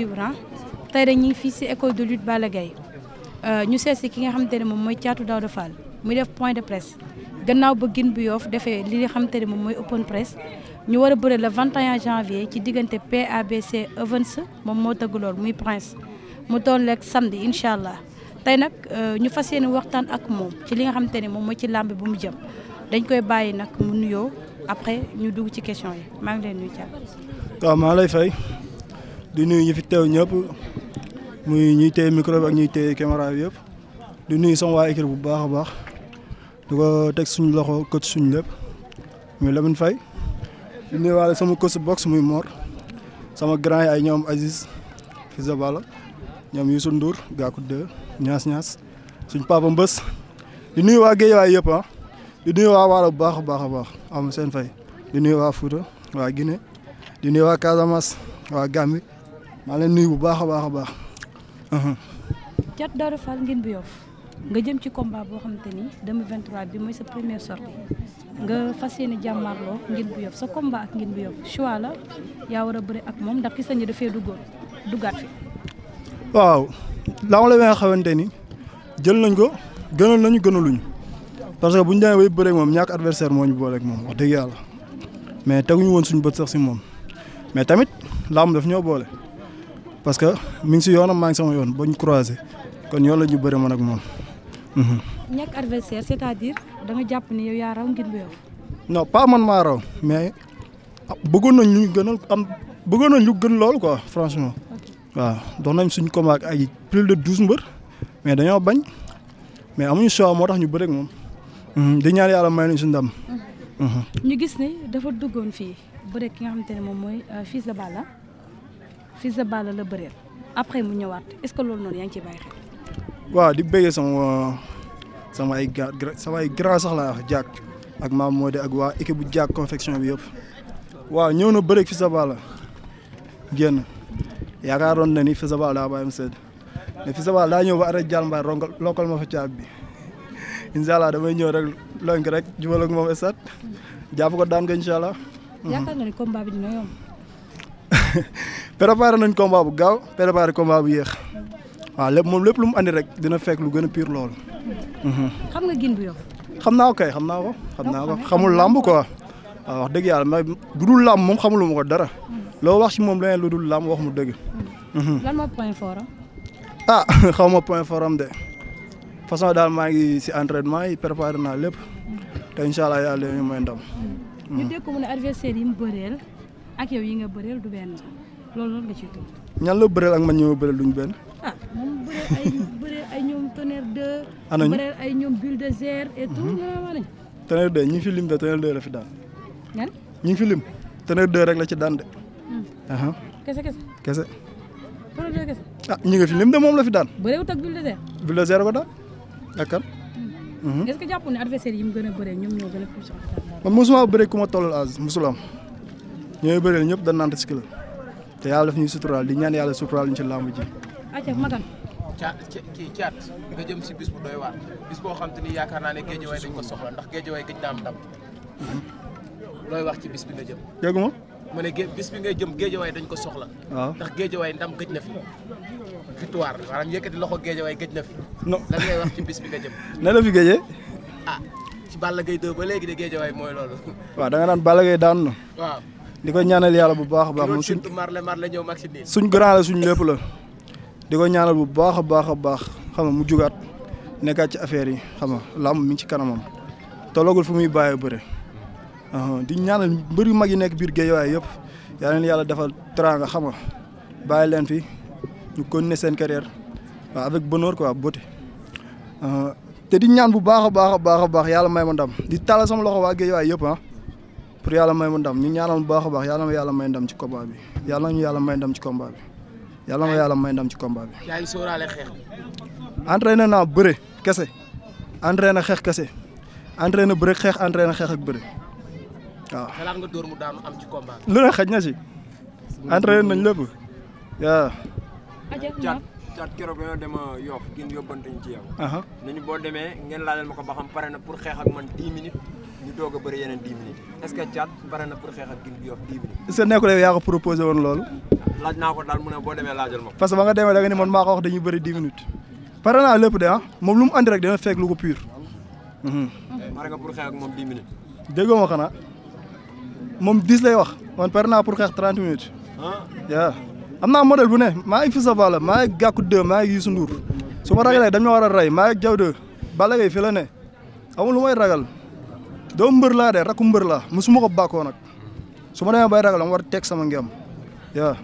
suivre ah tey rek ngi fii si école de lutte Balla Gaye euh, ñu seet si ki nga xamante ne moom mooy caatu Daouda Fall muy def point de presse gannaaw ba gin bu yoof defee li nga xamante ne moom mooy open presse ñu a bëre le 21 janvier ci diggante PABC moom moo tëgg lool muy prince mu doon lekk samedi incha allah tey nag euh, ñu fas yéene waxtaan ak moom ci li nga xamante ne moom mooy ci làmb bu mu jëm dañ koy bàyyi nag mu nuyoo après ñu dugg ci question yi maa ngi leen nuyu Thiatou. waaw maa lay fay. di nuyu ñu fi teew ñëpp muy ñuy téye micro ak ñuy téye caméra bi yëpp di nuyu sama waa équipe bu baax a baax di ko teg suñu loxo coach suñ lépp muy Lamine Faye di nuyuwaale sama coach box muy moor sama grand ay ñoom Aziz Fisa Balla ñoom Youssou Ndour Gakou de ñaas ñaas suñ papa mbës di nuyu waa Guédiawaye yëpp ah di waa Waalo bu baax a baax a baax am seen fay di nuyu waa Fouta waa Guinée di nuyu waa Casamance waa Gambie maa leen nuyu bu baax a baax a baax. cat Daouda Fall ngeen bu Yoff nga jëm ci combat boo xamante ni 2023 bi mooy sa première sortie nga fas yéene jàmmaarloo ngeen bu Yoff sa combat ak ngeen bu Yoff choix yaa war bëri ak moom ndax gis nañu dafee duggoon duggaat fi. waaw laa nga xamante ni jël nañ ko gënal nañu gënaluñu parce que bu ñu demee bay moom ñàkk adversaire moo ñu booleeg moom wax dëgg yàlla mais teguñu woon suñu bët sax si moom mais tamit làmb daf ñoo boole. parce que mi ngi si yoonam maa ngi sama yoon ba ñu croisé kon yoon la ñu bëri man ak moom. Mhm. ñàkk adversaire c'est-à-dire da jàpp ni yow yaa raw ngir bu yow. non pas man maa raw mais bëggoon nañ ñu gënal am bëggoon nañ ñu gën loolu quoi franchement. waaw dox nañ suñu combat ak ay plus de douze mbër mais dañoo bañ mais amuñu choix moo tax ñu bëri moom. Mhm, di ñaan yàlla may nañ suñu ndam. Mhm. ñu gis ni dafa duggoon fii bëri ki nga xamante ne moom mooy euh, fils de Balla. Fils de Balla la après mu ñëwaat est ce que loolu noonu yaa ngi ciy bàyyi xel. waaw di béyee sama sama ay ga sama ay grand sax laa ak maam Modé ak waa équipe bu jàkk confection bi yëpp waaw ñëw na bëreeg Fils de Balla génn na ni Fils daa bàyyi mu sedd mais daa ñëw ba arrêté jàll mbaay rongal lokkal ma fa caab ñëw rek lonk rek daan ko incha allah. yaakaar nga ni préparé nañ combat bu gaaw préparé combat bu yéex waaw lépp moom lépp lu mu andi rek dina fekk lu gën a pire loolu. Mhm. xam nga gin bu yow. xam naa ko kay xam naa ko. xam naa ko ah, xamul làmb quoi. waaw wax dëgg yàlla ma bu dul moom xamulu ma ko dara. Mhm. loo wax si moom leneen lu dul làmb wax mu dëgg. Mhm. lan mooy ah, xaw ma point fort am de façon daal maa ngi si entraînement yi préparé naa lépp te incha allah yàlla ñu ak yow yi nga bëreel du benn loolu loolu nga ciy tudd. ñan la bëreel ak man ñoo bëreel ah, ana ñu bëreel ay ñoom bulldozer et tout ñu ne ma ne. tonnerre deux ñu de tonnerre deux la fi daan. ñu fi lim tonnerre rek la ci daan de. Hmm. kese kese kese. tonnerre deux kese. Ah, ñu fi lim de moom la fi daan. bëreewut ak bulldozer. bulldozer ko daan d'accord. Hmm. Mhm. est-ce que jàpp yi mu gën a bëree ñoom ñoo gën a puissant. man ñooy bëreel ñëpp dañ naan risque la te yàlla daf ñuy suturaal di ñaan yàlla suturaal ñu ci làmb ji. ayca Maguette. caa kii caat nga jëm si bis bu doy waar bis boo xam te ni yaakaar naa ne géejewaay dañ ko soxla ndax géejewaay gëj naa am ndam. looy wax ci bis bi nga jëm. dégg ma. ma ne bis bi ngay jëm géejewaay dañ ko soxla. waaw ndax géejewaay ndam gëj na fi. victoire maanaam yëkkati loxo géejewaay gëj na fi. non lan ngay wax ci bis bi nga jëm. ne la fi géejee. ah ci Balla Gaye 2 ba léegi de géejewaay mooy loolu. waaw da nga naan Balla Gaye daan na. waaw. di ko ñaanal yàlla bu baax a baax moom suñ suñ grand la suñ lépp la di ko ñaanal bu baax a baax a baax xam nga mu jugaat nekkaat ci affaire yi xam nga làmb mi ci kanamam tolloogul fu muy bàyyi bëre di ñaanal mbëri mag yi nekk biir Guédiawaye yëpp yaa leen yàlla defal teraanga xam nga bàyyi leen fi ñu continuer seen carrière waaw avec ko ab beauté te di ñaan bu baax a baax baax a yàlla may ma ndam di tàllal sama loxo waa Guédiawaye yëpp ah pour yàlla may ma ndam ñu ñaanal bu baax a baax yàlla ma yàlla may ndam ci combat yàlla ñu yàlla may ndam ci combat yàlla yàlla may ndam ci combat bi. yaa ngi sóoraale xeex. entraîné naa bëre kese na xeex kese na bëre xeex na xeex ak bëre waaw. xalaat dóor mu daanu am ci combat bi. lu ne xaj na si. entraîné nañ lépp waaw. caat keroog dañoo dem yoof gin yóbbantuñ ci yow. nañu boo demee ngeen laajal ma ko ba xam pare na pour xeex ak ñu doog a bëri yeneen 10 minutes est-ce na pour xeex ak Gris Yoff 10 woon loolu. laaj naa ko daal mu ne boo demee laajal ma parce que ba nga demee da nga ni man maa ko wax dañuy pare naa lépp de ah moom lu mu andi rek dina lu ko pur. Mhm. pare nga pour xeex ak moom 10 minutes. moom 10 lay wax man pare naa pour xeex 30 minutes. waaw ah. am naa modèle bu ne maa ngi fi sa bala maa ngi gàkku 2 maa ngi Youssou Ndour su ma ragalee dañ ma war a rey maa ngi bala 2 Balla la ne amul lu may ragal. doo mbër laa de rakku mbër laa mosuma ko bàkkoo nag su ma demee bay ragal ma war teg sama ngëm waaw.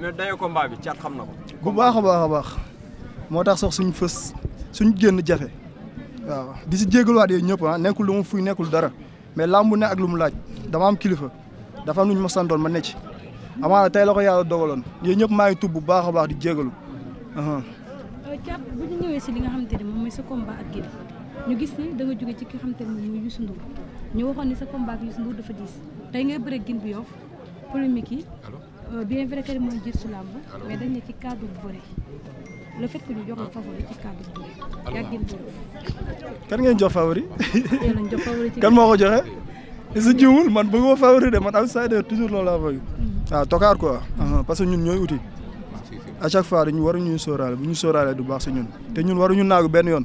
mais dayoo xam na ko. bu baax a baax a baax moo tax sax suñu fës suñu génn jafe waaw di si jégaluwaat yooyu ñëpp ah nekkul lu mu fuy nekkul dara mais làmb ne ak lu mu laaj dama am kilifa dafa am ma santoon ma ne ci amaana tey la ko yàlla dogaloon yooyu ñëpp maa ngi tub bu baax a baax di jégalu. Uh-huh. caat bu ñu ñëwee si li nga xamante ne moom mooy sa combat ak ñu gis ne da nga ci ki xam te ne mooy Youssou ñu waxoon ni sa combat ak Youssou dafa diis tey ngay bëre gin bi yof polémique yi euh, bien vrai que mooy jiir su làmb mais ci cadre bu bëre le fait que ñu jox la ah. favori ci cadre bu bëre kan moo ko joxe su jiwul man bëgguma favori de man outsider toujours loolu laa bëgg waaw mm-hmm. ah, tokaar quoi uh-huh, parce que ñun ñooy uti ah, à chaque fois war waruñu sóoraale bu ñu sóoraale du baax si ñun te ñun waruñu naagu benn yoon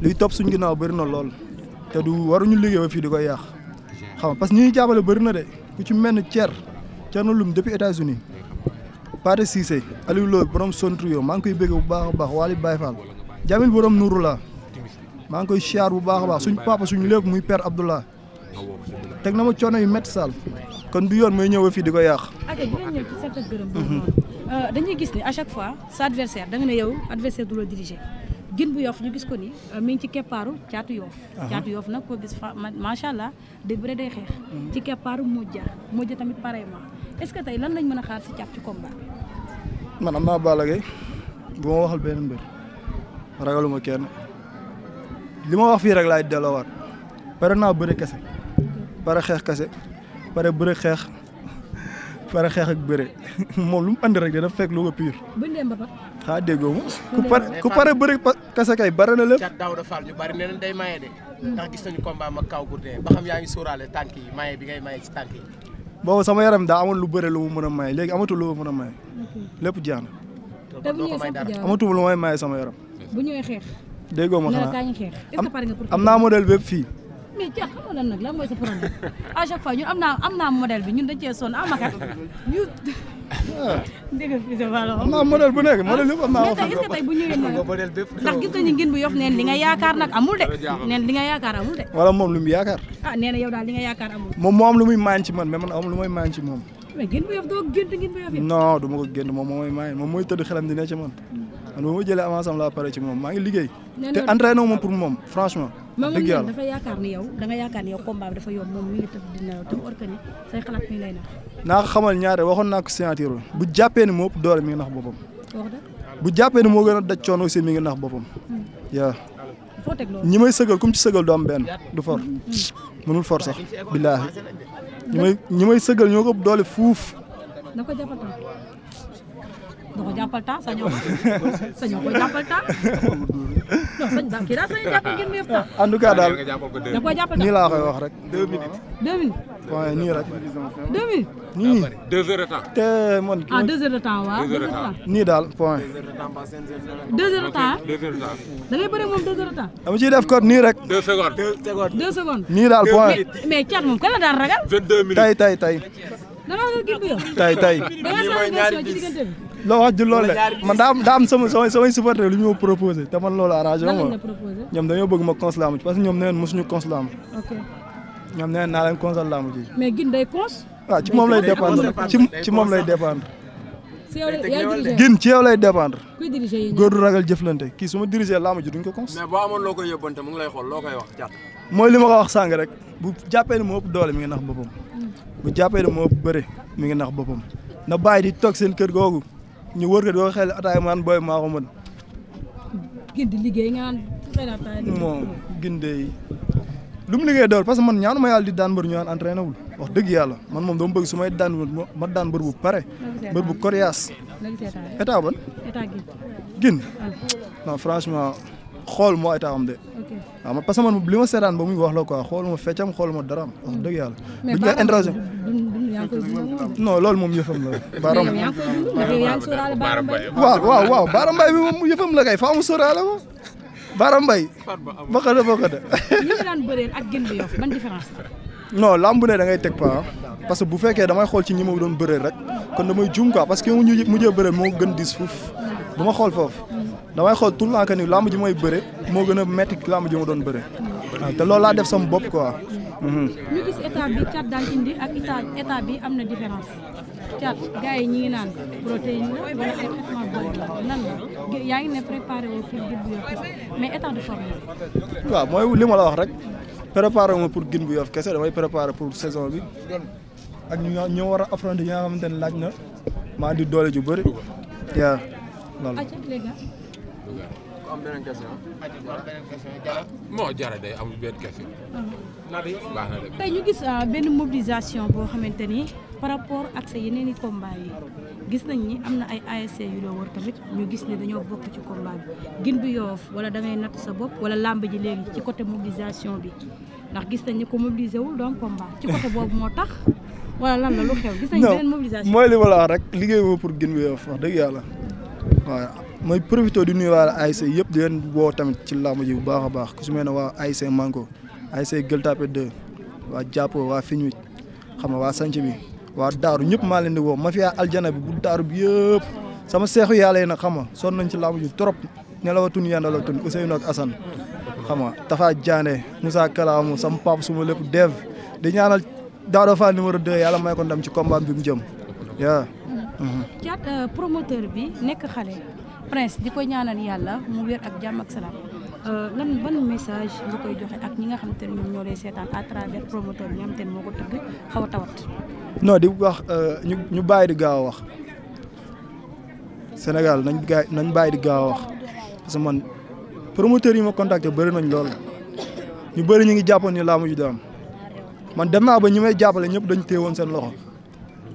luy topp suñ ginnaaw bëri na lool te du war liggéey ba fii di koy yàq xam parce que ñi ñuy jàppale bëri na de ku ci mel ni Thier Thierno Loum depuis États-Unis Pathé Cissé Aliou Lo borom Sontrio maa ngi koy bëgg bu baax a baax Waly Baye Fall Jamil borom Nourou la maa ngi koy siyaar bu baax a baax suñ papa suñ lépp muy père Abdoulah teg na ma coono yu métti saal kon du yoon mooy ñëw fii di ko yàq. ok dinañ ñëw ci sant mhm. euh, gis ne à fois sa adversaire da nga ne yow adversaire du la diriger. jin bu yoof ñu gis ko ni euh, mi ngi ci keppaaru caatu yoof caatu yoof nag koo gis fa macha allah dëgg bëre day xeex mm-hmm. ci keppaaru mujja mujja tamit pareillement est-ce que tey lan lañ mën a xaar si caat ci combat bi man am naa baalagay bu ma waxal benn mbir ragaluma kenn li ma wax fii rek laay delloowaat pare naa bëre kese pare xeex kese pare bëre xeex pare xeex ak bëre moom lu mu andi rek dina fekk lu ko pire ah déggoo ma ku pare ku pare bëri kase kay bare na lépp. cat Daouda Fall ñu nañ day maye de. ndax gis yaa ngi sóoraale tànk yi maye bi ngay maye ci tànk yi. sama yaram daa amoon lu bëre lu mu mën a maye léegi amatul lu mu mën a maye. lépp jeex na. te bu ñëwee sax amatul lu may maye sama yaram. bu ñëwee xeex. déggoo ma xanaa am naa modèle bépp fii. mais Thiat xam nga lan ñun am naa am naa modèle bi ñun dañ cee sonn ah Makar ñu. dëgg la modèle bu nekk modèle yëpp am naa ah. wax. mais tey est-ce que tey bu ñëwee ndax gis nañu ngeen bu yof neen li nga yaakaar nag amul de. neen li nga yaakaar amul de. wala moom lu mu yaakaar. ah nee na yow daal li nga yaakaar amul. moom moo am lu muy maan ci man mais man am lu may maan ci moom. mais ngeen bu yof doo gént ngeen bu yof yi. non du ma ko gént moom mooy maan moom mooy tëdd xelam di ne ci man mm. man bu ma jëlee avance am laa pare ci moom maa ngi liggéey. te entraîné moom pour moom franchement dëgg yàlla dafa yaakaar yow da nga yaakaar ni yow combat dafa yomb moom mi ngi naa ko xamal ñaare waxoon naa ko signature bu jàppee ni moo ëpp doole mi ngi nax boppam. bu jàppee ni moo gën a daj coono aussi mi ngi nax boppam. Hmm. yaa ñi may sëgal comme ci sëgal doom am benn du for. mënul hmm. for sax billaahi hmm. ñi may ñi may sëgal ñoo doole fuuf. da ko jàppal temps sañoo sañoo ko jàppal temps non sañ daal kii daal sañu jàppal gën yëpp temps en tout cas daal da ko jàppal nii laa koy wax rek deux minutes deux minutes waaw nii rek deux minutes nii deux heures de temps te man ah deux heures de temps waaw deux heures de temps nii daal point deux heures de temps da ngay bëri moom deux heures de temps dama ciy def code nii rek deux secondes deux secondes nii daal point mais cat moom kan la daan ragal vingt-deux minutes tay tay tay dana gib tay tay da nga sa ñaari ci diggante bi loo wax ju loolu man daa am daa am sama sama samay supporter lu ñu ma proposé te man loolu arrangé ma ñoom dañoo bëgg ma cons laamu ci parce que ñoom neen mosuñu cons laamu ñoom neen naa leen consal laamu ci mais gin day cons waaw ah, ci moom lay dépendre ci moom lay dépendre gin ci yow lay dépendre góor du ragal jëflante kii su ma diriger laamu ji duñ ko cons mais boo amoon loo koy yóbbante mu ngi lay xool loo koy wax jàpp mooy li ma ko wax sàng rek bu jàppee ni moo ëpp doole mi ngi nax boppam hmm. bu jàppee ni moo ëpp bëre mi ngi nax boppam na bàyyi di toog seen kër googu ñu wër ko di ko xel ataaya man booy maa ko mën. gindi liggéey nga naan gindee lu mu liggéey dool parce que man ñaanu ma yàlla di daan mbër ñu naan entraîné wul wax dëgg yàlla man moom dama bëgg su may daan ma daan mbër bu pare. mbër bu coriace. état ban. état gin. gin ah. non franchement xool moo état am de. waaw ah, man parce que man li ma seetaan ba muy wax la quoi xooluma feccam xooluma daraam wax dëgg yàlla. mais non loolu moom yëfam la. baram waaw waaw waaw mbay bi moom yëfam la kay faa mu sóoraale ko. baram mbay. bokk na bokk na. ñi daan bëreel ak gën bi yof ban bu ne da ngay teg pas parce que bu fekkee damay xool ci ñi ma doon bëreel rek kon damay juum quoi parce que mu ñu mujjee bëreel moo gën dis fuuf bu ma xool foofu damay xool tout le temps que ni lamb ji may bëre moo gën a metti lamb ji ma doon bëre mm. ah, te loolu laa def sama bopp quoi ñu gis état bi cat daan indi ak état bi am na différence cat gars ñi naan protéine la wala ay traitement bari lan la yaa waaw mooy li ma la wax rek préparé wu pour gin bu yof kese damay préparé pour saison bi ak ñu ñu war a affronter ñi nga xamante ne laaj na maa di doole ju bëri yaa loolu am beneen baax na tey ñu gis ah, benn mobilisation boo xamante ni par rapport ak sa yeneen i yi gis nañ ni am na ay ASC yu la wër tamit ñu gis ne dañoo bokk ci combat bi gin bi yoof wala da ngay natt sa bopp wala làmb ji léegi ci côté mobilisation bi ndax gis nañ ni ko mobiliser wul doon combat ci côté boobu moo tax wala lan la lu xew gis nañ beneen mobilisation mooy li ma la rek liggéey boobu pour gin bi yoof wax dëgg yàlla waaw mooy profité di nuyu waa ASC yëpp di leen woo tamit ci làmb bu baax a baax ku su mel ne waa ASC Manko ASC Gueule Tapée 2 wa jàppoo waa fiñu xam nga waa sanc bi waa daaru ñëpp maa leen di woo ma fiyaa aljana bi bu daaru bi yëpp sama seexu yàlla yi nag son nga sonn nañ ci làmb ji trop nelawatun yendalawatun Ousseynou ak Assane xam nga Tafa Diané Moussa Kalaamu sama pap suma lépp dev di ñaanal Daouda Fall numéro de yàlla may ko ndam ci combat bi mu yaa mhm. euh, promoteur bi nekk xale prince di ko ñaanal yàlla mu ak jàmm salaam Euh, lan ban message nga koy joxe ak ñi nga xam te ne ñoom ñoo lay seetaan à travers promoteur bi nga xam te a tawat. non di euh, ñu bàyyi di gaaw a wax Sénégal nañ gaa nañ bàyyi di gaaw wax parce que man promoteurs yi ma contacté bëri nañ lool ñu bëri ñu ngi jàppoon ni laa mujj di am man dem naa ba ñi may jàppale ñëpp dañ téye woon seen loxo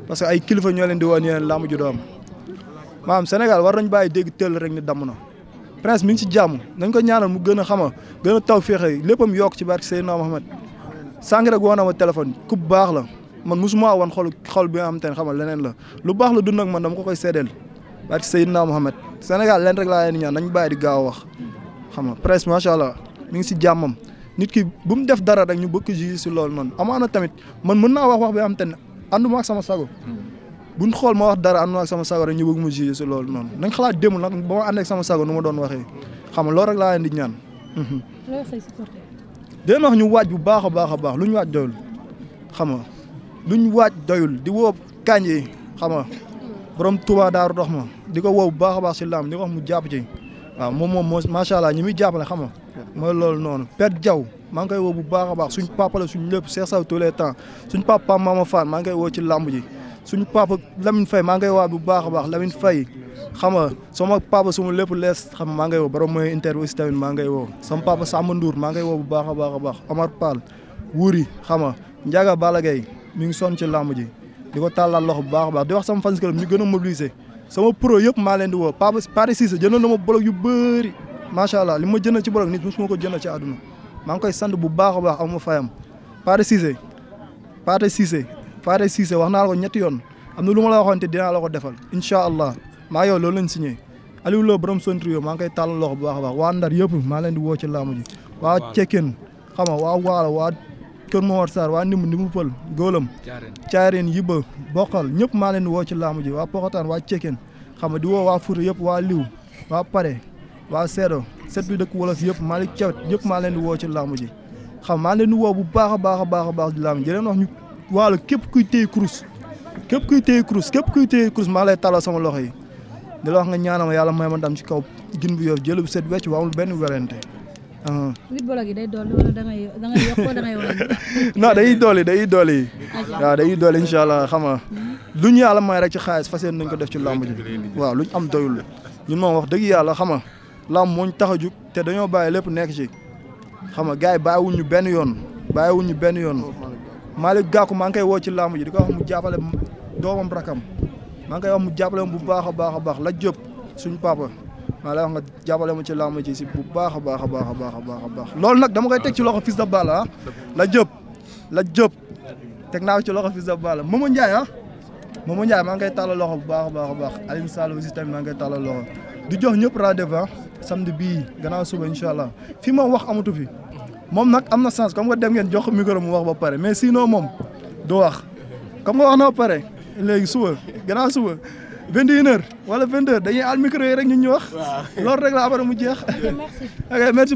parce que ay kilifa ñoo leen di woon yeneen laa mujj am maanaam war nañ bàyyi dégg teel rek ni damm na. prince mi ngi ci jàmm nañ ko ñaanal mu gën a xama gën a taw féexe léppam yokk ci barke Seydina Mohamed sànq rek woo na ma téléphone ku baax la man mosuma wan xol xol bi nga xam te ne xama leneen la lu baax la dund ak man dama ko koy seedeel barke Seydina Mohamed Sénégal leen rek laa leen ñaan nañ bàyyi di gaaw wax xam nga prince macha allah mi ngi ci jàmmam nit ki bu mu def dara rek ñu bëgg juge ci loolu noonu amaana tamit man mën naa wax wax bi nga xam ne ànduma sama sago buñ xool ma wax dara ànduma ak sama sago rek ñu bëgg ma jugé si loolu noonu nañ xalaat démul nag ba ma ànd ak sama sago nu ma doon waxee xam nga loolu rek laa leen di ñaan. dinañ wax ñu waaj bu baax a baax a baax lu ñu waaj doyul xam nga lu ñu waaj doyul di woo Kandji xam nga borom Touba Daaru dox ma di ko woo bu baax a baax si laam di ko wax mu jàpp ci waaw moom moom moo macha allah ñi muy jàppale xam nga mooy loolu noonu Père Diaw maa ngi koy woo bu baax a baax suñ papa la suñ lépp seex saw tous les temps suñ papa maama Fane maa ngi koy woo ci làmb ji suñu papa Lamine Faye maa ngay waat bu baax a baax Lamine Faye xam nga sama papa suma lépp lees xam nga maa ngay woo borom mooy interview si tamit maa ngay woo sama papa Samba Ndour maa ngay woo bu baax a baax a baax Omar Pall Wuri xam nga Ndiaga Balla Gaye mi ngi sonn ci làmb ji di ko tàllal loxo bu baax a baax di wax sama fans club ñu gën a mobiliser sama pro yëpp maa leen di woo papa Paris Cissé jëndoon na ma bolog yu bëri macha allah li ma jënd ci bolog nit mosuma ko jënd ci àdduna maa ngi koy sant bu baax a baax amu ma fayam Paris Cissé Paris Cissé Faare Cissé wax naa la ko ñetti yoon am na lu ma la waxoon te dinaa ko defal incha allah maa yow loo lañ signé Aliou borom Sontrio maa ngi koy tàllal loxo bu baax a baax waa Ndar yëpp maa leen di woo ci laamu ji waa Cekkeen xam nga waa Waala waa Kër Momar Sarr waa Ndimb Ndimbu Pël Góolam Caareen Yiba Boqal ñëpp maa leen di woo ci laamu ji waa Poxataan waa Cekkeen xam nga di woo waa Fuuta yëpp waa Liw waa Pare waa Seedo set bi dëkk Wolof yëpp maa leen cawet maa leen di woo ci laamu ji xam maa leen woo bu baax a baax a baax a baax di laamu ji leen ñu waalo képp kuy téye kurus képp kuy téye kurus képp kuy téye kurus maa lay talal sama loxo yi di la wax nga ñaanama yàlla may ma ndam ci kaw gin bu yor jël bu set wecc waawul benn werante. huit bolok yi day dolli wala da ngay day dolli day dolli. Ah, waaw day dolli incha allah xam nga mm-hmm. lu ñu yàlla may rek ci xaalis fas yéene nañ ko def ci làmb ji waaw lu ñu am doyul ñun moom wax dëgg yàlla xam nga làmb moo tax jug te dañoo bàyyi lépp nekk xam nga gars yi bàyyiwuñu benn yoon bàyyiwuñu benn yoon. Malick Gakou maa ngi koy woo ci laamu ji di ko wax mu jàppale doomam rakam maa ngi koy wax mu jàppale bu baax a baax a baax la jëpp suñu papa maa lay wax nga jàppale ma ci laamu ji si bu baax a baax a baax a baax a baax loolu nag dama koy teg ci loxo Fils de Balla ah la jëpp la jëpp teg naa ko ci loxo Fils de Balla Momo Ndiaye ah Momo Ndiaye maa ngi koy tàllal loxo bu baax a baax a baax Alioune Sall aussi tamit maa ngi koy tàllal loxo di jox ñëpp rendez-vous ah, samedi bii gannaaw suba incha allah fi ma wax amatu fi moom nag am na sens comme nga dem ngeen jox micro mu wax ba pare mais sinon moom du wax comme nga na ba pare léegi suba gannaaw suba vingt et une wala vingt heures dañuy al micro yi rek ñu ñu wax loolu rek la abara mu jeex ok merci